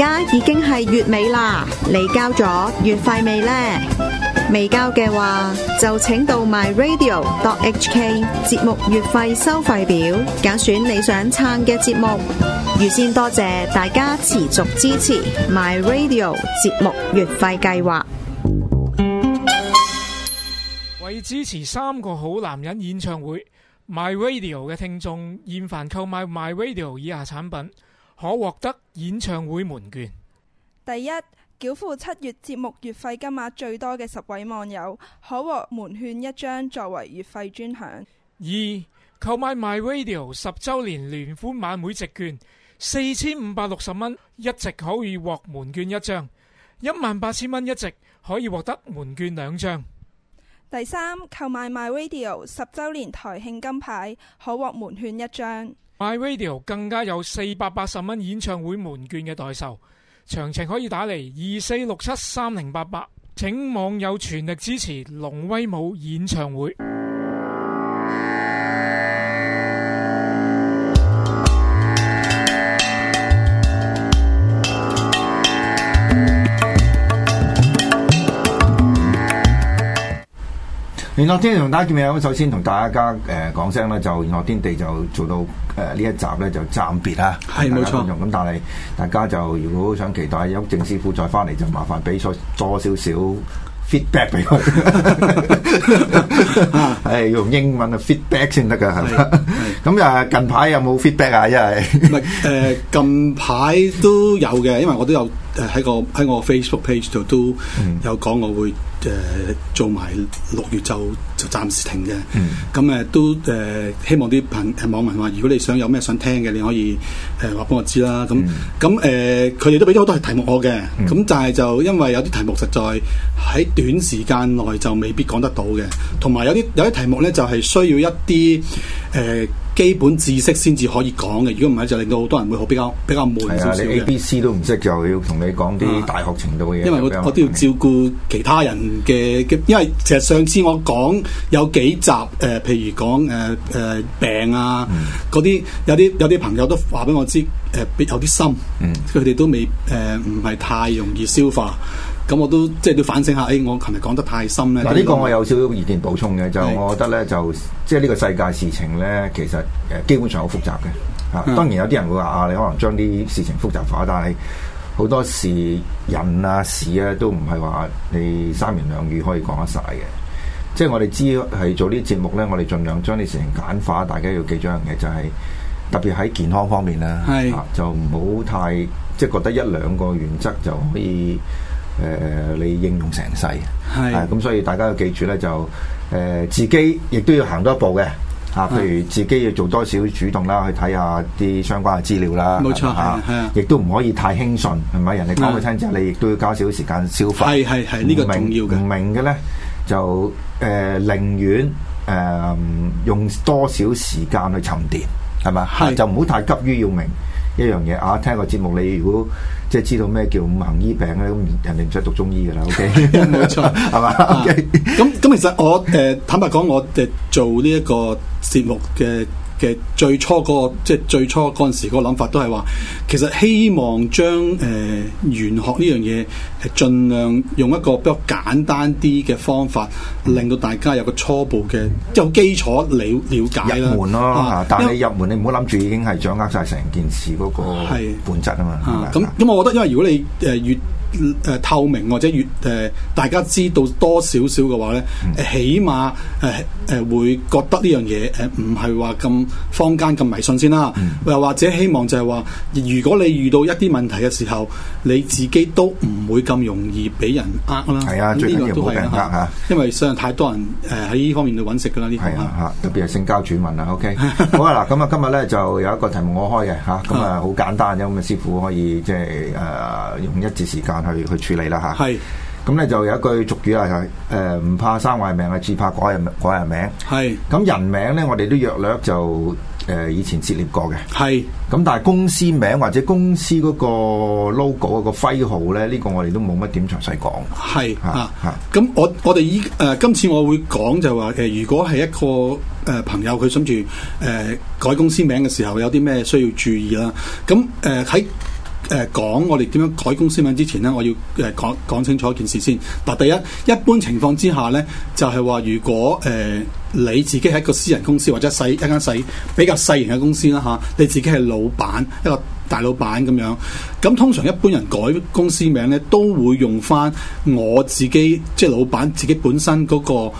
而家已經係月尾啦，你交咗月費未呢？未交嘅話，就請到 myradio.hk 節目月費收費表，揀選你想撐嘅節目。預先多謝大家持續支持 myradio 節目月費計劃。為支持《三個好男人》演唱會，myradio 嘅聽眾現凡購買 myradio 以下產品。可獲得演唱會門券。第一，繳付七月節目月費金額最多嘅十位網友，可獲門券一張作為月費專享。二，購買 My Radio 十週年聯歡晚會席券四千五百六十蚊一席，可以獲門券一張；一萬八千蚊一席，可以獲得門券兩張。第三，購買 My Radio 十週年台慶金牌，可獲門券一張。My Radio 更加有四百八十蚊演唱會門券嘅代售，詳情可以打嚟二四六七三零八八，請網友全力支持龍威武演唱會。玄學天地同大家見面，咁首先同大家誒講聲咧，就玄學天地就做到誒呢、呃、一集咧就暫別啊。係冇錯，咁但係大家就如果好想期待有証師傅再翻嚟，就麻煩俾咗多少少 feedback 俾佢。係用英文嘅 feedback 先得噶，係嘛？咁啊近排有冇 feedback 啊？因為誒，啊、近排都有嘅，因為我都有。喺個喺我 Facebook page 度都有講，我會誒、呃、做埋六月就就暫時停嘅。咁誒都誒希望啲朋誒網民話，如果你想有咩想聽嘅，你可以誒話俾我知啦。咁咁誒佢哋都俾咗好多係題目我嘅。咁、嗯、但係就因為有啲題目實在喺短時間內就未必講得到嘅，同埋有啲有啲題目咧就係需要一啲誒。呃基本知識先至可以講嘅，如果唔係就令到好多人會好比較比較悶少少嘅。係啊，你 A B C 都唔識，就要同你講啲大學程度嘅嘢。因為我我都要照顧其他人嘅。因為其實上次我講有幾集誒、呃，譬如講誒誒病啊，嗰啲、嗯、有啲有啲朋友都話俾我知誒、呃，有啲深，佢哋、嗯、都未誒，唔、呃、係太容易消化。咁我都即係要反省下，誒、哎，我琴日講得太深咧。嗱，呢個我有少少意見補充嘅，是就我覺得咧，就即係呢個世界事情咧，其實誒基本上好複雜嘅。啊，是當然有啲人會話啊，你可能將啲事情複雜化，但係好多事人啊事啊都唔係話你三言兩語可以講得晒嘅。即係我哋知係做呢啲節目咧，我哋盡量將啲事情簡化，大家要記住一樣嘢，就係特別喺健康方面啦是、啊，就唔好太即係覺得一兩個原則就可以。誒誒、呃，你應用成世是啊，咁，所以大家要記住咧，就誒、呃、自己亦都要行多一步嘅嚇，譬、啊、如自己要做多少主動啦，去睇下啲相關嘅資料啦，冇錯嚇亦吧、啊啊、都唔可以太輕信係咪？人哋講佢親自，啊、你亦都要加少少時間消化。係係係，明個呢個明要明嘅咧，就誒、呃、寧願誒、呃、用多少時間去沉澱，係咪？係的就唔好太急於要明。一樣嘢啊！聽個節目，你如果即係、就是、知道咩叫五行醫病咧，咁人哋唔使讀中醫噶啦，OK，冇 錯，係嘛？ 咁、OK。咁、啊、其實我誒、呃、坦白講，我哋做呢一個節目嘅。嘅最初、嗰個即係最初嗰陣時嗰個諗法都係話，其實希望將誒玄、呃、學呢樣嘢係盡量用一個比較簡單啲嘅方法，令到大家有個初步嘅即係基礎了了解啦。入門咯，啊、但係入門你唔好諗住已經係掌握晒成件事嗰個本質啊嘛。咁咁，我覺得因為如果你誒、呃、越誒透明或者越誒、呃、大家知道多少少嘅話咧，起碼誒誒會覺得呢樣嘢誒唔係話咁坊間咁迷信先啦，又、呃嗯、或者希望就係話，如果你遇到一啲問題嘅時候，你自己都唔會咁容易俾人呃啦。係啊，個最緊要唔俾人呃嚇。啊、因為雖然太多人誒喺呢方面去揾食噶啦呢個嚇、啊，特別係性交轉運啊。呵呵 OK，好啊嗱，咁啊今日咧就有一個題目我開嘅嚇，咁啊好簡單啫，咁啊，啊 師傅可以即係誒用一節時間。去去處理啦吓，係咁咧就有一句俗語啊，就係誒唔怕生壞命，啊，只怕改人改人名。係咁是人名咧，我哋都約略就誒、呃、以前涉獵過嘅。係咁是，但係公司名或者公司嗰個 logo 個徽號咧，呢、這個我哋都冇乜點詳細講。係啊，咁、啊啊、我我哋依誒今次我會講就話誒、呃，如果係一個誒、呃、朋友佢諗住誒改公司名嘅時候，有啲咩需要注意啦？咁誒喺。呃啊啊啊啊誒講我哋點樣改公司名之前呢，我要誒講講清楚一件事先。嗱，第一一般情況之下呢，就係話如果誒你自己係一個私人公司或者細一間細比較細型嘅公司啦嚇，你自己係老闆一個大老闆咁樣，咁通常一般人改公司名呢，都會用翻我自己即係老闆自己本身嗰個誒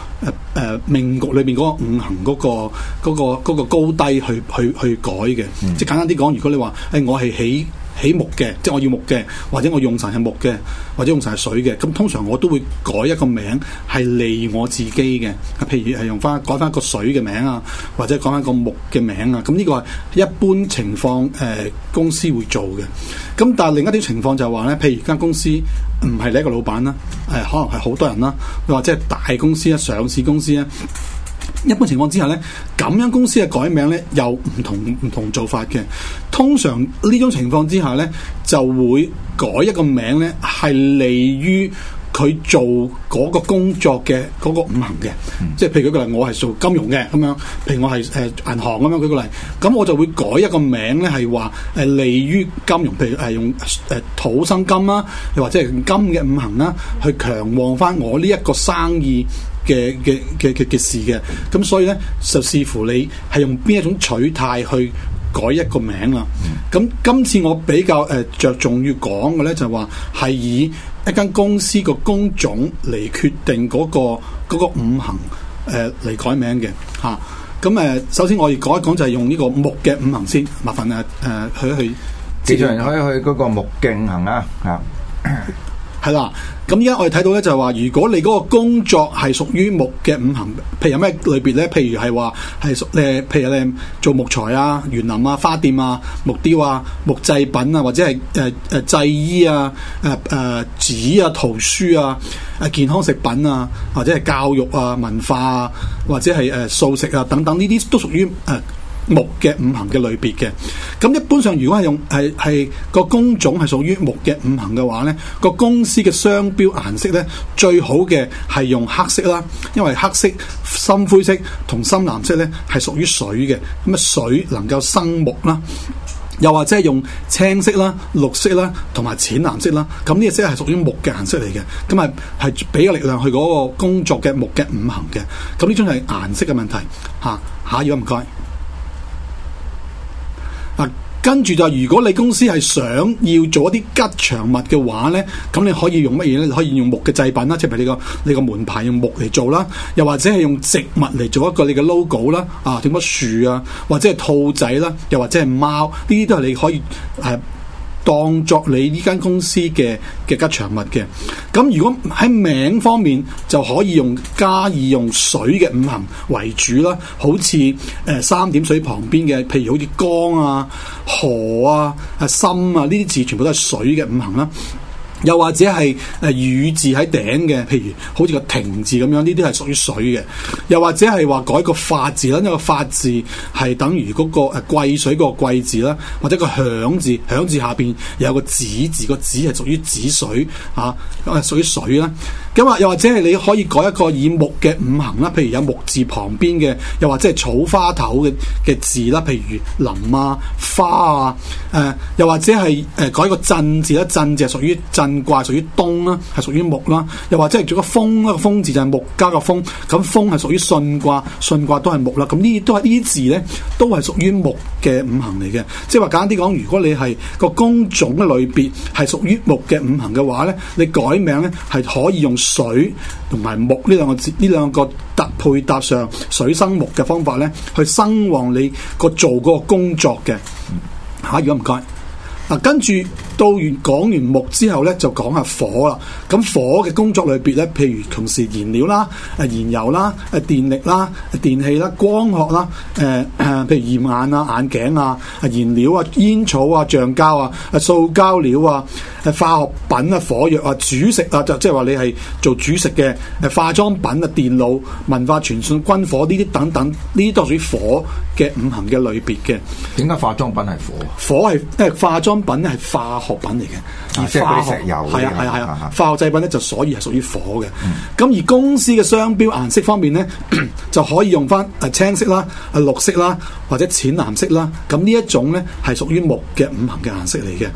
誒命局裏面嗰個五行嗰個嗰個嗰個高低去去去改嘅。嗯，即係簡單啲講，如果你話誒我係起起木嘅，即係我要木嘅，或者我用神係木嘅，或者用神係水嘅。咁通常我都會改一個名係利我自己嘅。譬如係用翻改翻個水嘅名啊，或者講翻個木嘅名啊。咁呢個係一般情況誒、呃、公司會做嘅。咁但係另一啲情況就係話咧，譬如間公司唔係你一個老闆啦，誒、呃、可能係好多人啦，或者係大公司啊，上市公司咧。一般情況之下呢，咁樣公司嘅改名呢，有唔同唔同做法嘅。通常呢種情況之下呢，就會改一個名呢，係利於佢做嗰個工作嘅嗰個五行嘅。即係、嗯、譬如舉個例，我係做金融嘅，咁樣，譬如我係誒銀行咁樣舉個例，咁我，我就會改一個名呢，係話誒利於金融，譬如係用誒土生金啦，又或者係金嘅五行啦，去強旺翻，我呢一個生意。嘅嘅嘅嘅嘅事嘅，咁所以咧就視乎你係用邊一種取態去改一個名啦。咁今次我比較誒着、呃、重於講嘅咧就話、是、係以一間公司個工種嚟決定嗰、那個、那個那個五行誒嚟、呃、改名嘅吓。咁、啊、誒，首先我哋講一講就係用呢個木嘅五行先。麻煩啊誒、呃，去一去，幾場人可以去嗰個木嘅行啊吓。 係啦，咁依家我哋睇到咧，就係話如果你嗰個工作係屬於木嘅五行，譬如有咩類別咧？譬如係話係屬誒，譬如你做木材啊、園林啊、花店啊、木雕啊、木製品啊，或者係誒誒製衣啊、誒誒紙啊、圖書啊、誒健康食品啊，或者係教育啊、文化啊，或者係誒、呃、素食啊等等，呢啲都屬於誒。呃木嘅五行嘅類別嘅，咁一般上如果係用係係個工種係屬於木嘅五行嘅話呢、呢個公司嘅商標顏色呢，最好嘅係用黑色啦，因為黑色、深灰色同深藍色呢係屬於水嘅，咁啊水能夠生木啦，又或者係用青色啦、綠色啦同埋淺藍色啦，咁呢啲色係屬於木嘅顏色嚟嘅，咁啊係俾個力量去嗰個工作嘅木嘅五行嘅，咁呢種係顏色嘅問題，吓，下一位唔該。跟住就，如果你公司係想要做一啲吉祥物嘅話咧，咁你可以用乜嘢咧？可以用木嘅製品啦，即係譬如你個你個門牌用木嚟做啦，又或者係用植物嚟做一個你嘅 logo 啦，啊，點乜樹啊，或者係兔仔啦，又或者係貓，呢啲都係你可以係。呃當作你呢間公司嘅嘅吉祥物嘅，咁如果喺名方面就可以用加以用水嘅五行為主啦，好似誒、呃、三點水旁邊嘅，譬如好似江啊、河啊、啊深啊呢啲字，全部都係水嘅五行啦、啊。又或者係誒，雨字喺頂嘅，譬如好似個停字咁樣，呢啲係屬於水嘅。又或者係話改個法字啦，因為個法字係等於嗰、那個誒、呃、癸水個癸字啦，或者個響字，響字下邊有個子字，個子係屬於子水啊，屬於水啦。咁啊，又或者係你可以改一個以木嘅五行啦，譬如有木字旁邊嘅，又或者係草花頭嘅嘅字啦，譬如林啊、花啊，誒、呃，又或者係誒、呃、改一個震字啦，震字係屬於震卦，屬於東啦、啊，係屬於木啦、啊，又或者係做個風啦，一個風字就係木加個風，咁風係屬於巽卦，巽卦都係木啦、啊，咁呢都係呢啲字咧，都係屬於木嘅五行嚟嘅。即係話簡單啲講，如果你係個工種嘅類別係屬於木嘅五行嘅話咧，你改名咧係可以用。水同埋木呢兩個字呢兩個搭配搭上水生木嘅方法咧，去生旺你個做嗰個工作嘅吓、嗯啊。如果唔該，嗱，跟住。啊到完講完木之後咧，就講下火啦。咁火嘅工作類別咧，譬如同時燃料啦、誒燃油啦、誒電力啦、電器啦、光學啦、誒、呃、誒譬如驗眼啊、眼鏡啊、燃料啊、煙草啊、橡膠啊、塑膠料啊、誒化學品啊、火藥啊、煮食啊，就即係話你係做煮食嘅誒化妝品啊、電腦文化傳訊、軍火呢啲等等，呢啲都屬於火嘅五行嘅類別嘅。點解化妝品係火啊？火係因為化妝品係化學。物品嚟嘅，而、啊啊、化學油係啊，係啊，啊，化學製品咧就所以係屬於火嘅。咁、嗯、而公司嘅商標顏色方面咧， 就可以用翻啊青色啦、啊綠色啦，或者淺藍色啦。咁呢一種咧係屬於木嘅五行嘅顏色嚟嘅，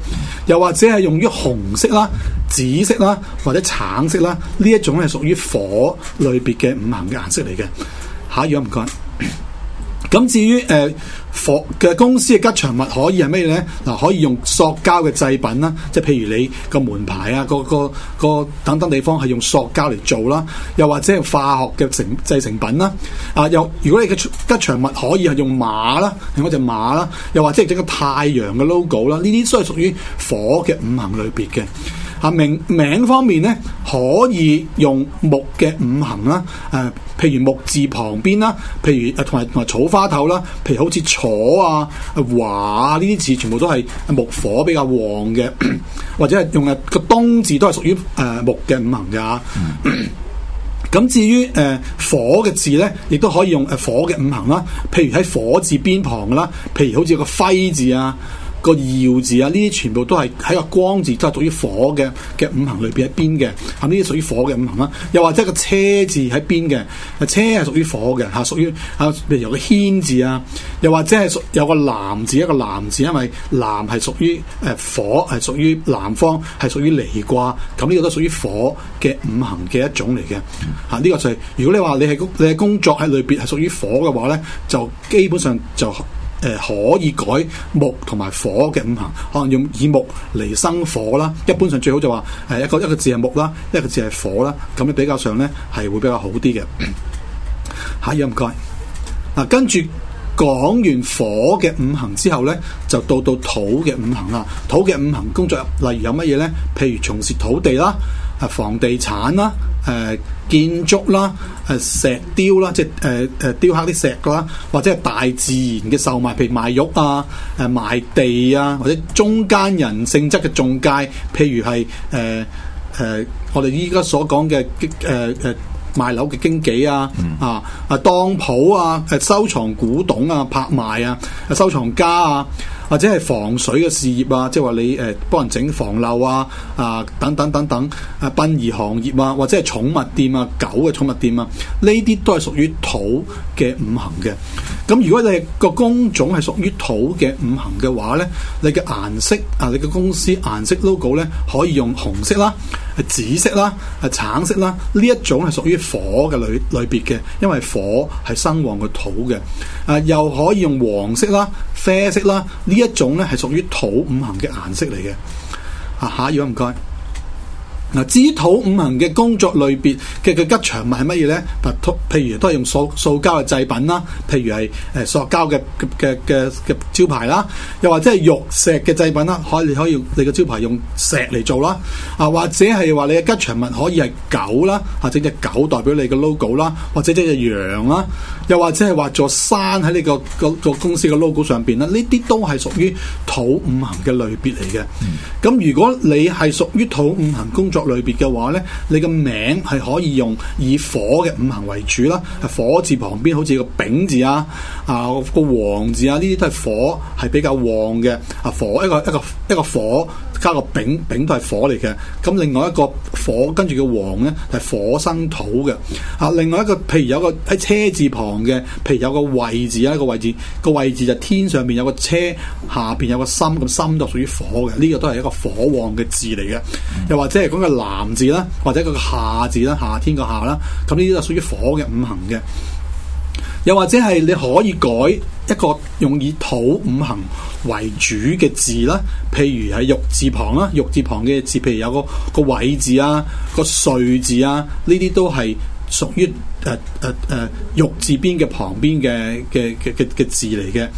又或者係用於紅色啦、紫色啦或者橙色啦。呢一種係屬於火類別嘅五行嘅顏色嚟嘅。下一樣唔該。咁至於誒、呃、火嘅公司嘅吉祥物可以係咩咧？嗱、呃，可以用塑膠嘅製品啦，即係譬如你個門牌啊、嗰個、嗰個、嗰個等等地方係用塑膠嚟做啦，又或者係化學嘅成製成品啦。啊，又如果你嘅吉祥物可以係用馬啦，用嗰隻馬啦，又或者係整個太陽嘅 logo 啦，呢啲都係屬於火嘅五行類別嘅。啊，名名方面咧，可以用木嘅五行啦，誒、呃，譬如木字旁邊啦，譬如誒同埋同埋草花頭啦，譬如好似楚啊、華啊呢啲字，全部都係木火比較旺嘅，或者係用誒個東字都係屬於誒木嘅五行嘅吓、啊。咁、嗯、至於誒、呃、火嘅字咧，亦都可以用誒、呃、火嘅五行啦，譬如喺火字邊旁啦，譬如好似個輝字啊。個耀字啊，呢啲全部都係喺個光字，都係屬於火嘅嘅五行裏邊喺邊嘅，嚇呢啲屬於火嘅五行啦。又或者個車字喺邊嘅，個車係屬於火嘅，嚇屬於嚇譬如有個軒字啊，又或者係屬有個南字一個南字，因為南係屬於誒、呃、火，係屬於南方，係屬於離卦，咁呢個都屬於火嘅五行嘅一種嚟嘅。嚇、啊、呢、這個就係、是、如果你話你係工你係工作喺裏邊係屬於火嘅話咧，就基本上就。呃、可以改木同埋火嘅五行，可能用以木嚟生火啦。一般上最好就話誒、呃、一個一個字係木啦，一個字係火啦，咁樣比較上呢係會比較好啲嘅。嚇，唔 該。跟住講完火嘅五行之後呢，就到到土嘅五行啦。土嘅五行工作，例如有乜嘢呢？譬如從事土地啦。啊，房地產啦，誒、呃、建築啦，誒、呃、石雕啦，即係誒誒雕刻啲石啦，或者係大自然嘅售賣，譬如賣玉啊，誒賣地啊，或者中間人性質嘅中介，譬如係誒誒我哋依家所講嘅激誒誒賣樓嘅經紀啊，啊啊當鋪啊，誒收藏古董啊，拍賣啊，收藏家啊。或者係防水嘅事業啊，即係話你誒幫、呃、人整防漏啊啊等等等等啊，殯、呃、儀行業啊，或者係寵物店啊，狗嘅寵物店啊，呢啲都係屬於土嘅五行嘅。咁如果你個工種係屬於土嘅五行嘅話咧，你嘅顏色啊，你嘅公司顏色 logo 咧，可以用紅色啦，係紫色啦，係橙色啦，呢一種係屬於火嘅類類別嘅，因為火係生旺個土嘅。啊，又可以用黃色啦、啡色啦。呢一種咧係屬於土五行嘅顏色嚟嘅，啊，下一位，唔該。嗱，至於土五行嘅工作類別嘅嘅吉祥物係乜嘢咧？啊，譬如都係用塑塑膠嘅製品啦，譬如係誒塑膠嘅嘅嘅嘅招牌啦，又或者係玉石嘅製品啦，可以你可以用你個招牌用石嚟做啦，啊，或者係話你嘅吉祥物可以係狗啦，或者隻狗代表你嘅 logo 啦，或者隻羊啦，又或者係畫座山喺你個個個公司嘅 logo 上邊啦，呢啲都係屬於土五行嘅類別嚟嘅。咁、嗯、如果你係屬於土五行工作，類別嘅話咧，你嘅名係可以用以火嘅五行為主啦，係火字旁邊好似個丙字啊，啊，個黃字啊，呢啲都係火，係比較旺嘅，啊，火一個一個一個火。加個丙，丙都係火嚟嘅。咁另外一個火，跟住個黃咧係火生土嘅。啊，另外一個譬如有個喺車字旁嘅，譬如有，個，譬如有個位置一個位置，個位置就天上邊有個車，下邊有個心，咁心就屬於火嘅。呢、這個都係一個火旺嘅字嚟嘅。嗯、又或者係講個南字啦，或者個夏字啦，夏天個夏啦，咁呢啲就屬於火嘅五行嘅。又或者係你可以改一個用以土五行為主嘅字啦，譬如喺玉字旁啦，玉字旁嘅字，譬如，譬如有個個位字啊，個瑞字啊，呢啲都係。屬於誒誒誒玉字邊嘅旁邊嘅嘅嘅嘅嘅字嚟嘅，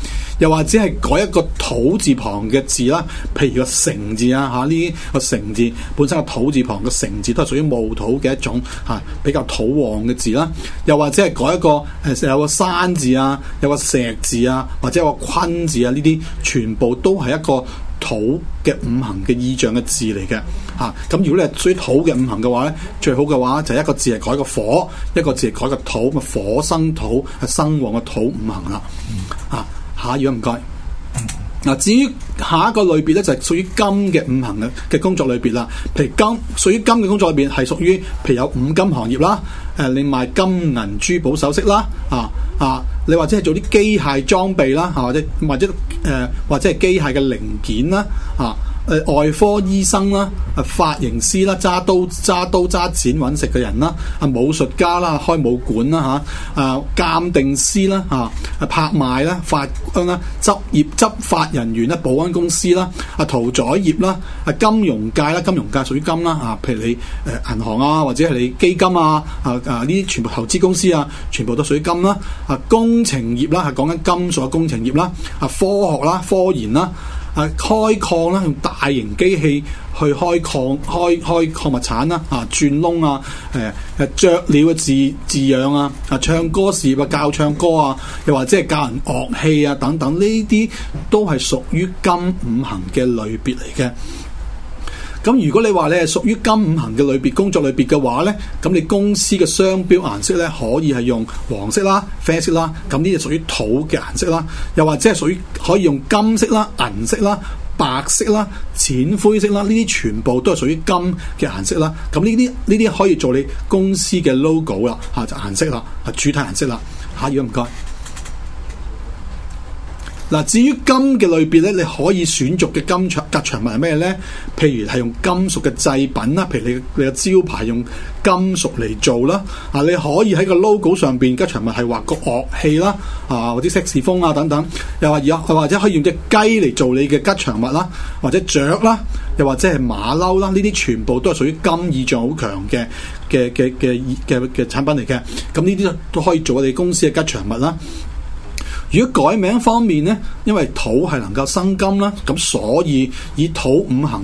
又或者係改一個土字旁嘅字啦，譬如個城字啊嚇，呢啲個城字本身個土字旁嘅城字都係屬於墓土嘅一種嚇、啊，比較土黃嘅字啦。又或者係改一個誒有個山字啊，有個石字啊，或者有個坤字啊，呢啲全部都係一個。土嘅五行嘅意象嘅字嚟嘅，吓、啊，咁如果你係追土嘅五行嘅話咧，最好嘅話就一個字係改個火，一個字係改個土，咁火生土係生旺嘅土五行啦，吓、啊，下一位唔該。嗱，至於下一個類別咧，就係屬於金嘅五行嘅嘅工作類別啦。譬如金，屬於金嘅工作裏邊係屬於，譬如有五金行業啦，誒、呃，你賣金銀珠寶首飾啦，啊啊，你或者係做啲機械裝備啦、啊，或者或者誒，或者係機械嘅零件啦，嚇、啊。誒外科醫生啦，誒髮型師啦，揸刀揸刀揸剪揾食嘅人啦，啊武術家啦，開武館啦嚇，啊鑑定師啦嚇，啊拍賣啦，法官啦，執業執法人員啦、保安公司啦，啊屠宰業啦，啊金融界啦，金融界屬於金啦嚇、啊，譬如你誒銀行啊，或者係你基金啊，啊啊呢啲全部投資公司啊，全部都屬於金啦，啊工程業啦，係、啊、講緊金屬嘅工程業啦，啊科學啦，科研啦。啊啊！開礦啦，用大型機器去開礦、開開礦，礦物產啦，啊！鑽窿啊，誒、啊、誒，雀鳥嘅字字樣啊，啊！唱歌事業啊，教唱歌啊，又或者係教人樂器啊，等等，呢啲都係屬於金五行嘅類別嚟嘅。咁如果你話你係屬於金五行嘅類別，工作類別嘅話咧，咁你公司嘅商標顏色咧，可以係用黃色啦、啡色啦，咁呢啲係屬於土嘅顏色啦。又或者係屬於可以用金色啦、銀色啦、白色啦、淺灰色啦，呢啲全部都係屬於金嘅顏色啦。咁呢啲呢啲可以做你公司嘅 logo 啦，吓，就顏色啦，係主體顏色啦。吓，唔該。嗱，至於金嘅類別咧，你可以選擇嘅金場吉祥物係咩咧？譬如係用金屬嘅製品啦，譬如你你嘅招牌用金屬嚟做啦，啊，你可以喺個 logo 上邊吉祥物係畫個樂器啦，啊，或者色士風啊等等，又或者佢或者可以用隻雞嚟做你嘅吉祥物啦，或者雀啦，又或者係馬騮啦，呢啲全部都係屬於金意象好強嘅嘅嘅嘅嘅嘅產品嚟嘅，咁呢啲都都可以做我哋公司嘅吉祥物啦。如果改名方面呢，因為土係能夠生金啦，咁所以以土五行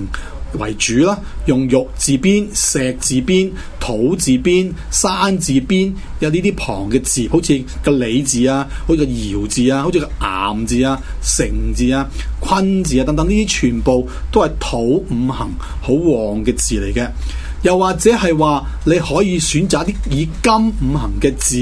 為主啦，用玉字邊、石字邊、土字邊、山字邊，有呢啲旁嘅字，好似個李字啊，好似個堯字啊，好似個巖字啊、成字啊、坤字啊等等，呢啲全部都係土五行好旺嘅字嚟嘅。又或者係話你可以選擇啲以金五行嘅字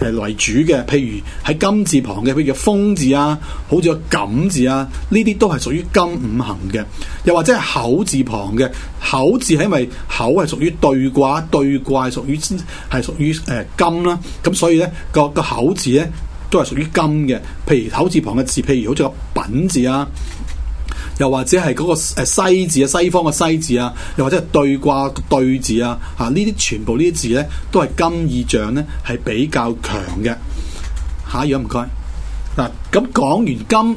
誒為主嘅，譬如喺金字旁嘅，譬如鋒字啊，好似個錦字啊，呢啲都係屬於金五行嘅。又或者係口字旁嘅，口字係因為口係屬於兌卦，兌卦係屬於係屬於誒、呃、金啦、啊，咁所以咧個個口字咧都係屬於金嘅。譬如口字旁嘅字，譬如好似個品字啊。又或者係嗰個誒西字啊，西方嘅西字啊，又或者係對卦對字啊，吓，呢啲全部呢啲字咧，都係金意象咧，係比較強嘅下一樣唔該嗱，咁、啊啊、講完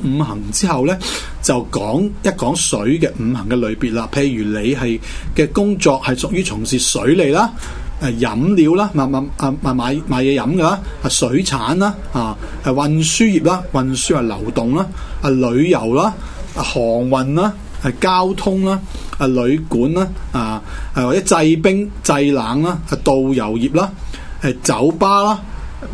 金五行之後咧，就講一講水嘅五行嘅類別啦。譬如你係嘅工作係屬於從事水利啦，誒、呃、飲料啦，買買啊買買嘢飲噶啦，啊水產啦，啊係運輸業啦，運輸係流動啦，啊旅遊啦。航運啦，係交通啦，啊旅館啦，啊，係或者製冰製冷啦，係、啊、導遊業啦，係、啊、酒吧啦，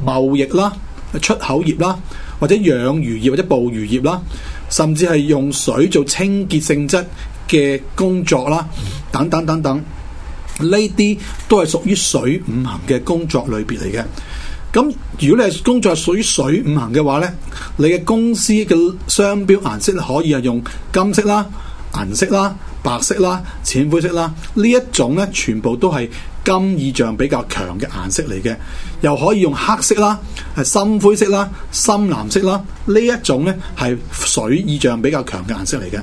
貿易啦、啊，出口業啦、啊，或者養魚業或者捕魚業啦、啊，甚至係用水做清潔性質嘅工作啦、啊，等等等等，呢啲都係屬於水五行嘅工作類別嚟嘅。咁如果你係工作屬於水五行嘅話呢，你嘅公司嘅商標顏色可以係用金色啦、銀色啦、白色啦、淺灰色啦呢一種呢，全部都係金意象比較強嘅顏色嚟嘅。又可以用黑色啦、深灰色啦、深藍色啦呢一種呢，係水意象比較強嘅顏色嚟嘅。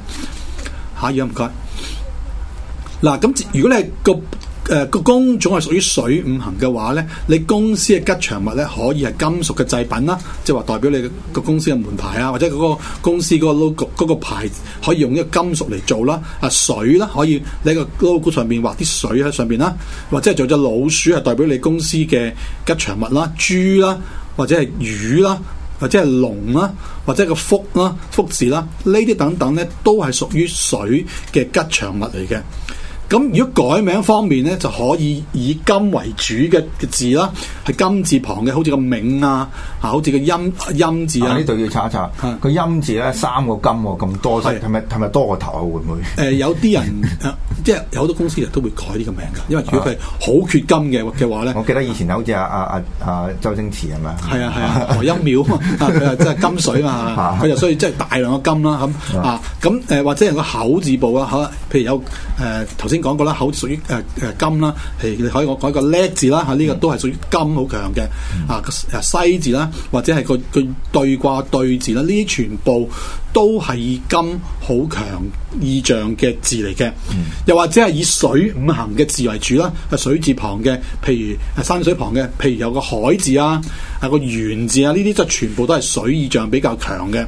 下一樣唔該。嗱，咁如果你係個誒個工種係屬於水五行嘅話咧，你公司嘅吉祥物咧可以係金屬嘅製品啦，即係話代表你個公司嘅門牌啊，或者嗰個公司嗰個 logo 嗰個牌可以用一個金屬嚟做啦，啊水啦可以喺個 logo 上面畫啲水喺上邊啦，或者做隻老鼠係代表你公司嘅吉祥物啦，豬啦，或者係魚啦，或者係龍啦，或者係個福啦，福字啦，呢啲等等咧都係屬於水嘅吉祥物嚟嘅。咁如果改名方面咧，就可以以金為主嘅嘅字啦，係金字旁嘅，好似個銘啊，啊，好似個鑫鑫字啊。呢度要查一查。啊，個鑫字咧三個金喎，咁多，係係咪係咪多個頭啊？會唔會？誒，有啲人，即係有好多公司人都會改呢個名嘅，因為如果佢好缺金嘅嘅話咧。我記得以前啊，好似阿阿阿阿周星馳係咪啊？係啊係啊，何陰廟即係金水啊，佢就所以即係大量嘅金啦。咁啊咁誒，或者係個口字部啊，嚇，譬如有誒頭先。講過啦，口屬於誒誒金啦，係你可以我改個叻字啦，吓、啊、呢、呢個都係屬於金好強嘅啊，誒，西字啦，或者係個個對卦對字啦，呢啲全部，都係以金好強意象嘅字嚟嘅，又或者係以水五行嘅字為主啦，係水字旁嘅，譬如係、啊、山水旁嘅，譬如有個海字啊，係個源字啊，呢啲就全部都係水意象比較強嘅。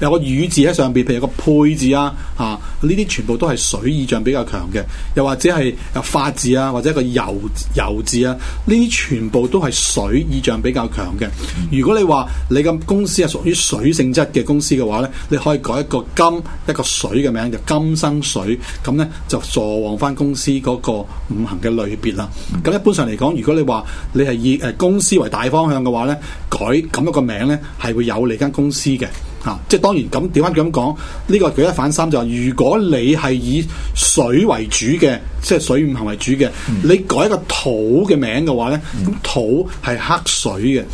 有個雨字喺上邊，譬如有個沛字啊，啊呢啲全部都係水意象比較強嘅。又或者係啊法字啊，或者個油油字啊，呢啲全部都係水意象比較強嘅。如果你話你嘅公司係屬於水性質嘅公司嘅話咧，你，可以改一個金一個水嘅名，就係、金生水，咁咧就助旺翻公司嗰個五行嘅類別啦。咁一般上嚟講，如果你話你係以誒、呃、公司為大方向嘅話咧，改咁一個名咧係會有利你間公司嘅嚇、啊。即係當然咁，點解句咁講，呢、呢個舉一反三就係、係、如果你係以水為主嘅，即係水五行為主嘅，你改一個土嘅名嘅話咧，咁土係剋水嘅。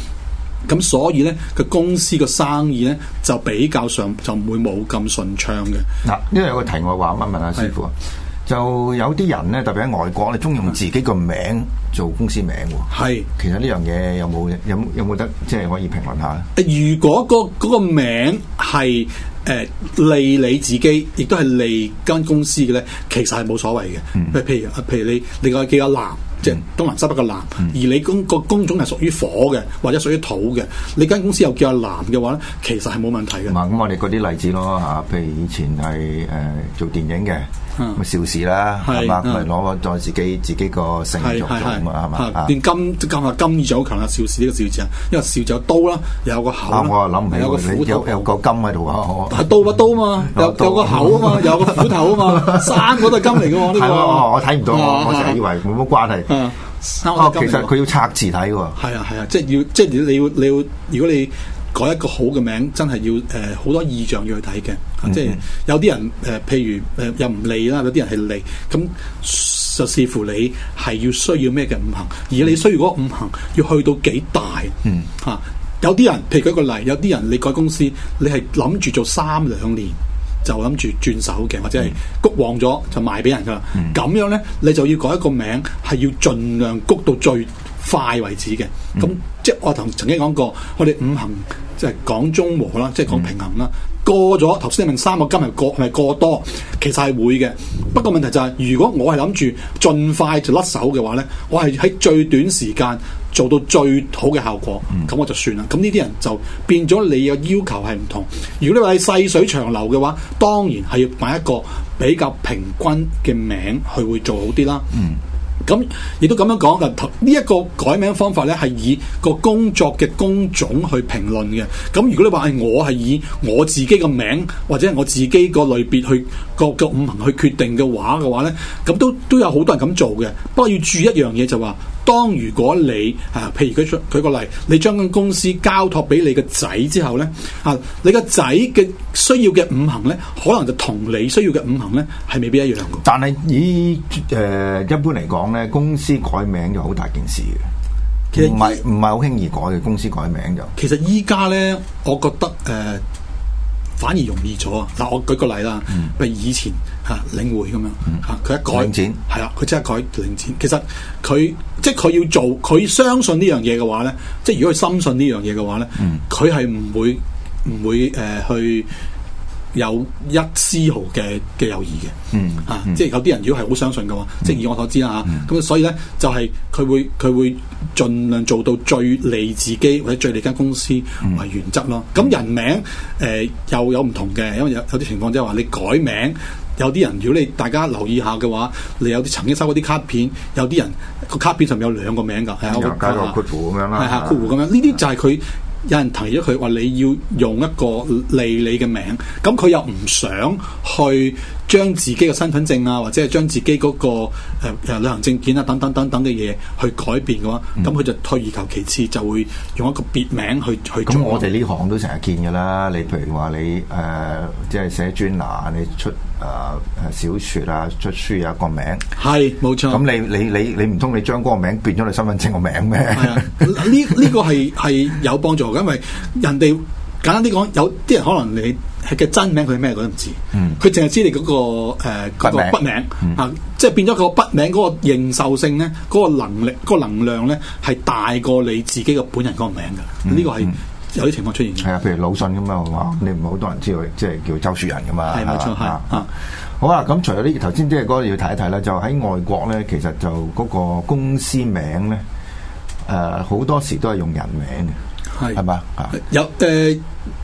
咁所以咧，個公司個生意咧就比較上就唔會冇咁順暢嘅。嗱、啊，呢個有個題外話，我想問下師傅啊。是就有啲人咧，特別喺外國咧，鍾意用自己個名做公司名喎。係是，其實呢樣嘢有冇有有冇得即係可以評論下咧？誒，如果嗰、那、嗰、個嗰個名係誒利你自己，亦都係利間公司嘅咧，其實係冇所謂嘅。譬、嗯、如譬如你另外叫阿男。即東南西北個南，而你工個工種係屬於火嘅，或者屬於土嘅，你間公司又叫阿南嘅話咧，其實係冇問題嘅。咁我哋嗰啲例子咯嚇，譬如以前係誒做電影嘅，咁邵氏啦，係嘛，咪攞在自己自己個成就做啊嘛，係嘛啊。連金金啊金就好強啊，邵氏呢個邵字啊，因為邵就有刀啦，又有個口啦，又有個斧頭，有個金喺度啊。但係刀不刀嘛？有有個口啊嘛？有個斧頭啊嘛？三個都係金嚟㗎喎。係咯，我睇唔到，我我就係以為冇乜關係。啊，uh, 哦，天其實佢要拆字睇嘅、哦啊，係啊係啊，即係要，即係你要你要，你要，如果你改一個好嘅名，真係要誒好、呃、多意象要去睇嘅，啊、嗯嗯即係有啲人誒、呃，譬如誒、呃、又唔利啦，有啲人係利，咁就視乎你係要需要咩嘅五行，而你需要嗰五行要去到幾大，啊、嗯，嗯、啊，吓有啲人，譬如舉個例，有啲人你改公司，你係諗住做三兩年。就諗住轉手嘅，或者係谷旺咗就賣俾人㗎喇。咁、嗯、樣咧，你就要改一個名，係要盡量谷到最快為止嘅。咁、嗯、即係我同曾經講過，我哋五行即係、就是、講中和啦，即、就、係、是、講平衡啦。嗯、過咗頭先你問三個金係過係過多，其實係會嘅。不過問題就係、是，如果我係諗住盡快就甩手嘅話咧，我係喺最短時間。做到最好嘅效果，咁我就算啦。咁呢啲人就變咗你嘅要求係唔同。如果你話係細水長流嘅話，當然係要買一個比較平均嘅名，去會做好啲啦。咁亦、嗯、都咁樣講嘅，呢、這、一個改名方法咧係以個工作嘅工種去評論嘅。咁如果你話係我係以我自己嘅名或者係我自己個類別去各個五行去決定嘅話嘅話咧，咁都都有好多人咁做嘅。不過要注意一樣嘢就話。當如果你啊，譬如舉，舉個例，你將間公司交託俾你個仔之後咧，啊，你個仔嘅需要嘅五行咧，可能就同你需要嘅五行咧，係未必一樣嘅。但係依誒，一般嚟講咧，公司改名就好大件事嘅，其實唔係唔係好輕易改嘅，公司改名就是。其實依家咧，我覺得誒、呃，反而容易咗啊！嗱，我舉個例啦，嗯、譬如以前。嚇，領會咁樣嚇，佢一改，係啦，佢即刻改領展。其實佢即係佢要做，佢相信呢樣嘢嘅話咧，即係如果佢深信呢樣嘢嘅話咧，佢係唔會唔會誒去有一絲毫嘅嘅友誼嘅。嗯，嚇，即係有啲人如果係好相信嘅話，即係以我所知啦嚇，咁所以咧就係佢會佢會盡量做到最利自己或者最利間公司為原則咯。咁人名誒又有唔同嘅，因為有有啲情況即係話你改名。有啲人，如果你大家留意下嘅話，你有啲曾經收過啲卡片，有啲人個卡片上面有兩個名㗎，係啊、嗯，加個括弧咁樣啦，係啊吧，括弧咁樣，呢啲就係佢有人提咗佢，話你要用一個利你嘅名，咁佢又唔想去。將自己嘅身份證啊，或者係將自己嗰個誒旅行證件啊，等等等等嘅嘢去改變嘅話，咁佢、嗯、就退而求其次，就會用一個別名去、嗯、去做。咁我哋呢行都成日見㗎啦。你譬如話你誒，即係寫專欄，你出誒誒、呃、小説啊，出書啊，個名係冇錯。咁你你你你唔通你將嗰個名變咗你身份證個名、 啊這個名咩？呢呢個係係有幫助，因為人哋。簡單啲講，有啲人可能你係嘅真名佢咩我都唔知，佢淨係知你嗰、那個誒、呃名嗯、個筆名，即係變咗個筆名嗰個認受性咧，嗰、那個能力、嗰、那個能量咧係大過你自己嘅本人嗰個名噶，呢個係有啲情況出現嘅。係啊、嗯，譬、嗯嗯嗯、如魯迅咁啊嘛，你唔係好多人知道，即係叫周樹人噶嘛。係冇錯，係吧對好啊，咁除咗啲頭先即係嗰個要睇一睇啦，就喺外國咧，其實就嗰個公司名咧，誒、呃，好多時都係用人名嘅。係，係嘛，有誒，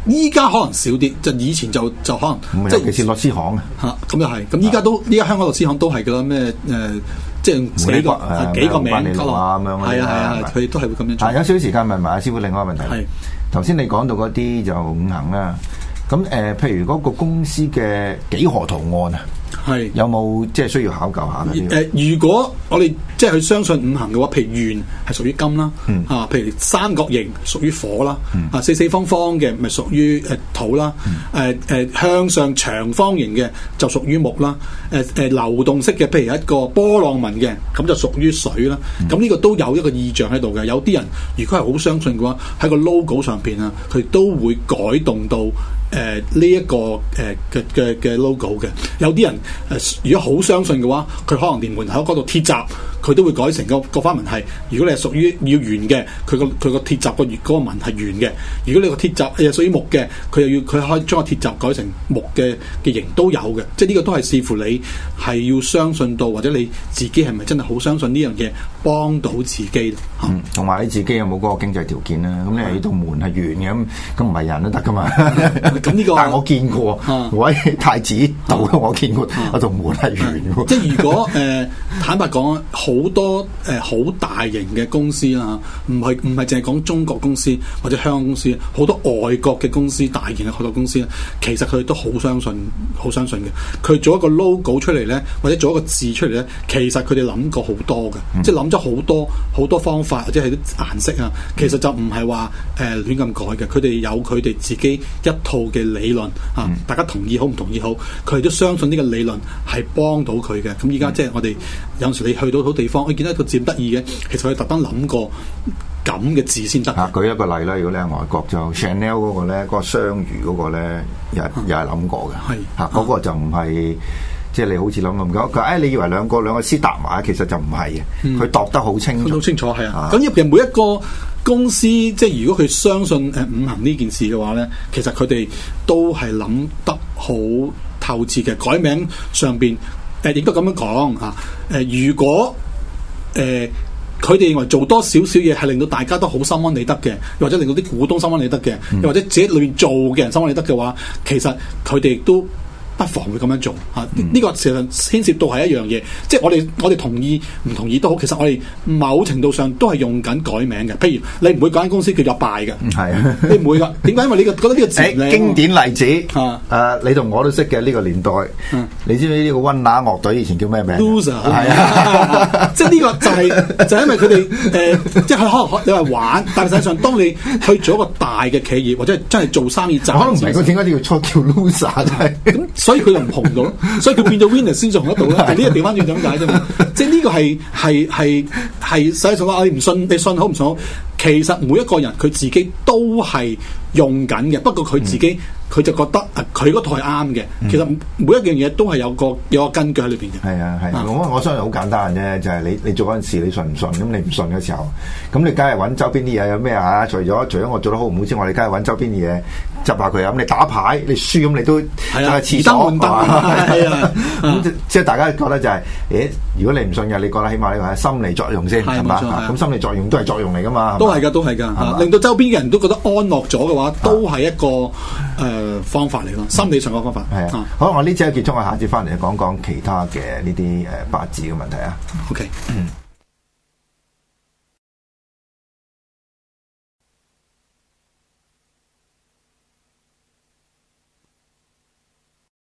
依、呃、家可能少啲，就以前就就可能，即係尤其似律師行啊，嚇，咁又係，咁依家都依家香港律師行都係嘅咩誒，即係幾個幾個名圖案咁樣，係啊係啊，佢、啊啊、都係會咁樣。係、啊、有少少時間問埋阿師傅另外一個問題。係頭先你講到嗰啲就五行啦，咁誒、呃，譬如嗰個公司嘅幾何圖案啊。係有冇即係需要考究下咧？誒、呃，如果我哋即係去相信五行嘅話，譬如圓係屬於金啦，嗯、啊，譬如三角形屬於火啦，啊、嗯，四四方方嘅咪屬於誒土啦，誒誒、嗯呃、向上長方形嘅就屬於木啦，誒、呃、誒流動式嘅譬如一個波浪紋嘅咁就屬於水啦，咁呢、嗯、個都有一個意象喺度嘅。有啲人如果係好相信嘅話，喺個 logo 上邊啊，佢都會改動到。誒呢一個誒嘅、呃、嘅嘅 logo 嘅，有啲人誒、呃、如果好相信嘅話，佢可能連門口嗰度鐵閘。佢都會改成個個花紋係，如果你係屬於要圓嘅，佢個佢個鐵閘個嗰個紋係圓嘅。如果你個鐵閘係屬於木嘅，佢又要佢可以將個鐵閘改成木嘅嘅形都有嘅。即係呢個都係視乎你係要相信到，或者你自己係咪真係好相信呢樣嘢幫到自己？嗯，同埋你自己有冇嗰個經濟條件啊？咁你喺呢道門係圓嘅，咁咁唔係人都得㗎嘛？咁呢個但係我見過，喂太子道我見過，嗰道門係圓嘅。即係如果誒坦白講好多誒好、呃、大型嘅公司啦，唔係唔係淨係講中國公司或者香港公司，好多外國嘅公司、大型嘅外國公司，咧，其實佢哋都好相信、好相信嘅。佢做一個 logo 出嚟咧，或者做一個字出嚟咧，其實佢哋諗過好多嘅。嗯、即係諗咗好多好多方法，或者係啲顏色啊。其實就唔係話誒亂咁改嘅，佢哋有佢哋自己一套嘅理論啊。嗯、大家同意好唔同意好，佢哋都相信呢個理論係幫到佢嘅。咁依家即係我哋有時你去到土地。我見到一個特別得意嘅，其實佢特登諗過咁嘅字先得。啊，舉一個例啦，如果你喺外國就 Chanel 嗰個咧，嗰、嗰個雙魚嗰個咧，又又係諗過嘅。係啊，嗰個就唔係即係你好似諗咁多。佢、哎、誒，你以為兩個兩個絲搭埋，其實就唔係嘅。佢、嗯、度得好清，好清楚係、嗯、啊。咁入邊每一個公司，即係如果佢相信誒、呃、五行呢件事嘅話咧，其實佢哋都係諗得好透徹嘅。改名上邊誒，亦都咁樣講嚇誒、啊，如果誒，佢哋、呃、認為做多少少嘢，係令到大家都好心安理得嘅，又或者令到啲股東心安理得嘅，又或者自己裏面做嘅人心安理得嘅話，其實佢哋亦都，不妨會咁樣做嚇，呢、啊這個其實牽涉到係一樣嘢，即係我哋我哋同意唔同意都好，其實我哋某程度上都係用緊改名嘅。譬如你唔會講間公司叫做敗嘅，是啊、你唔會噶。點解？因為你覺得呢個字、啊，經典例子啊！你同我都識嘅呢、這個年代，啊、你知唔知呢個溫拿樂隊以前叫咩名？Loser 係即係呢個就係、是、就是、因為佢哋誒，即、呃、係、就是、可能你話玩，但係實際上，當你去做一個大嘅企業或者係真係做生意，就可能唔明佢點解叫錯叫 Loser，真係。 所以佢就唔紅到，所以佢變咗 winner 先至紅得到啦。呢 個調翻轉點解啫？嘛？ 即係呢個係係係係實際上話你唔信，你信好唔信好？其實每一個人佢自己都係用緊嘅，不過佢自己佢、嗯、就覺得佢嗰套係啱嘅。嗯、其實每一樣嘢都係有個有個根據喺裏邊嘅。係啊係，啊。嗯、我相信好簡單啫，就係、是、你你做嗰陣時你信唔信？咁你唔信嘅時候，咁你梗係揾周邊啲嘢有咩啊？除咗除咗我做得好唔好之外，你梗係揾周邊啲嘢。窒下佢啊！咁你打牌你輸，咁你都就係廁所啊！係啊！咁即係大家覺得就係，誒，如果你唔信嘅，你覺得起碼咧係心理作用先，係嘛？咁心理作用都係作用嚟噶嘛？都係噶，都係噶，令到周邊嘅人都覺得安樂咗嘅話，都係一個誒方法嚟咯，心理上嘅方法。係啊，好，我呢次啊結束我下節翻嚟講講其他嘅呢啲誒八字嘅問題啊。OK，嗯。